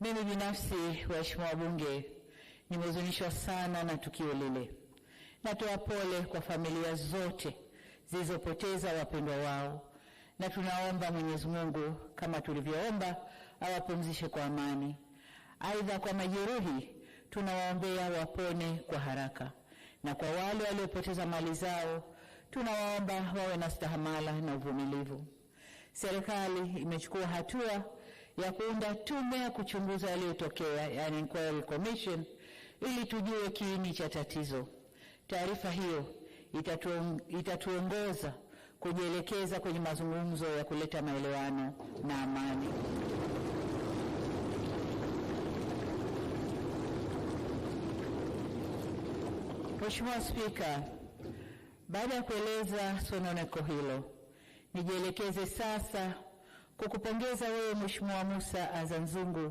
Mimi binafsi, waheshimiwa wabunge, nimehuzunishwa sana na tukio lile. Natoa pole kwa familia zote zilizopoteza wapendwa wao, na tunaomba Mwenyezi Mungu kama tulivyoomba awapumzishe kwa amani. Aidha, kwa majeruhi tunawaombea wapone kwa haraka, na kwa wale waliopoteza mali zao tunawaomba wawe na stahamala na uvumilivu. Serikali imechukua hatua ya kuunda tume ya kuchunguza yaliyotokea, yani inquiry commission, ili tujue kiini cha tatizo. Taarifa hiyo itatuongoza kujielekeza kwenye mazungumzo ya kuleta maelewano na amani. Mheshimiwa Spika, baada ya kueleza sononeko hilo, nijielekeze sasa kukupongeza wewe Mheshimiwa Musa Azanzungu